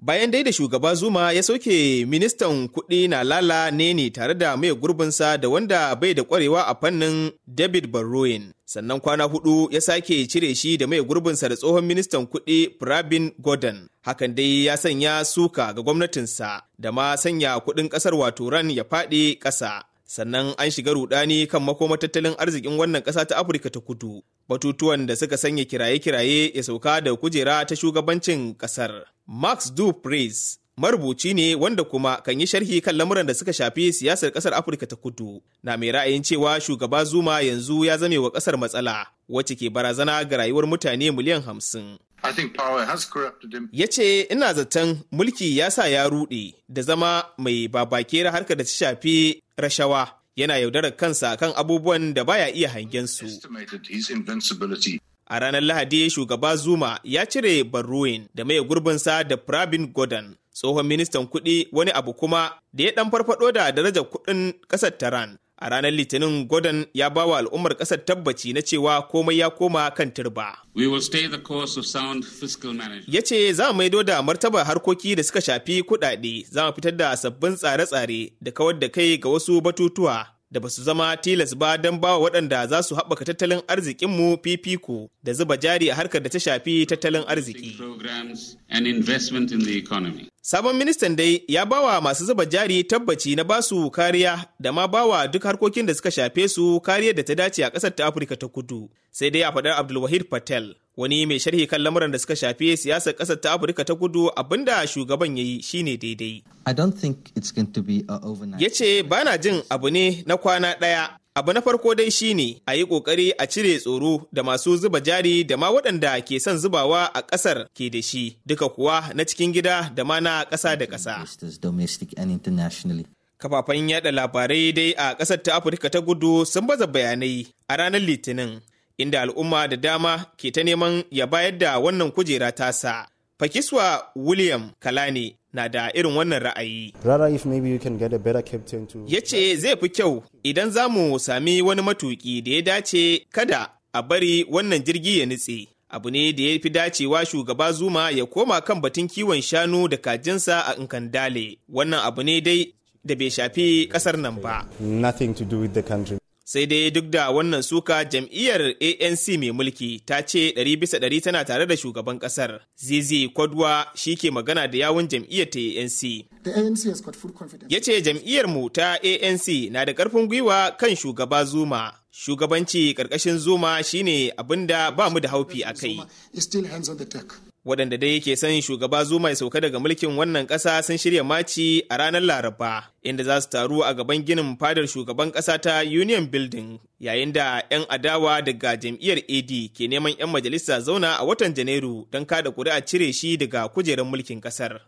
Bayan dai da shugaba Zuma ya sauke ministan kuɗi na Lala ne tare da mai gurbinsa da wanda bai da ƙwarewa a fannin David Barroin. Sannan kwana hudu ya sake cire shi da mai gurbinsa da tsohon ministan kuɗi prabin Gordon. Hakan dai ya sanya suka ga gwamnatinsa da ma sanya kuɗin ƙasar wato ran ya faɗi ƙasa. sannan an shiga rudani kan makoma tattalin arzikin wannan ƙasa ta afirka ta kudu batutuwan da suka sanya kiraye-kiraye ya sauka da kujera ta shugabancin ƙasar max dupres marubuci ne wanda kuma kan yi sharhi kan lamuran da suka shafi siyasar ƙasar afirka ta kudu na mai ra'ayin cewa shugaba zuma yanzu ya zame wa ƙasar matsala wacce ke barazana ga rayuwar mutane miliyan hamsin ya ce ina zaton mulki ya sa ya ruɗe da zama mai babakera harkar da ta shafi rashawa yana yaudarar kansa kan abubuwan da baya iya hangen su. A ranar Lahadi shugaba Zuma ya cire Barruin da mai gurbinsa da Pravin Gordon tsohon ministan kuɗi wani abu kuma da ya ɗan farfaɗo da darajar kuɗin ƙasar Taran a ranar litinin gordon ya ba wa al'ummar ƙasar tabbaci na cewa komai ya koma kan turba ya ce za mu maido da martaba harkoki da suka shafi kuɗaɗe, za mu fitar da sabbin tsare-tsare da kawar da kai ga wasu batutuwa da ba su zama tilas ba don ba waɗanda za su haɓaka tattalin arzikinmu fifiko da zuba jari a harkar da ta shafi tattalin arziki. Sabon ministan dai ya bawa masu zuba jari tabbaci na ba su kariya da ma bawa duk harkokin da suka shafe su kariyar da ta dace a ƙasar ta Afirka ta kudu. Sai dai a faɗar Abdulwahid Patel, wani mai sharhi kan lamuran da suka shafi siyasar ƙasar ta afirka ta kudu abinda shugaban ya yi shine daidai ya ce ba na jin abu ne na kwana ɗaya abu na farko dai shine a yi ƙoƙari a cire tsoro da masu zuba jari da ma waɗanda ke son zubawa a ƙasar ke da shi duka kuwa na cikin gida da ma na ƙasa da ƙasa kafafen yada labarai dai a ƙasar ta afirka ta gudu sun baza bayanai a ranar litinin inda al'umma da dama ke ta neman ya bayar da wannan kujera tasa. Fakiswa William Kalani na da irin wannan ra'ayi. Ya ce zai fi kyau idan za mu sami wani matuƙi da ya dace kada a bari wannan jirgi ya nutse. Abu ne da ya fi dacewa shugaba Zuma ya koma kan batun kiwon shanu da kajinsa a Nkandale. Wannan abu ne dai da bai shafi kasar nan ba. Nothing to do sai dai duk da wannan suka jam'iyyar anc mai mulki ta ce ɗari bisa ɗari tana tare da shugaban ƙasar zizi kwadwa shi ke magana da yawun jam'iyyar ta anc ya ce jam'iyyar mu ta anc na da ƙarfin gwiwa kan shugaba zuma Shugabanci ƙarƙashin Zuma shine abin da ba mu da haufi a kai. Waɗanda dai yake son shugaba Zuma ya sauka daga mulkin wannan ƙasa sun shirya maci a ranar Laraba, inda za su taru a gaban ginin fadar shugaban ƙasa ta Union Building, yayin da 'yan adawa daga jam'iyyar AD ke neman 'yan majalisa zauna a watan Janairu don kada kuri'a cire shi daga kujerar mulkin ƙasar.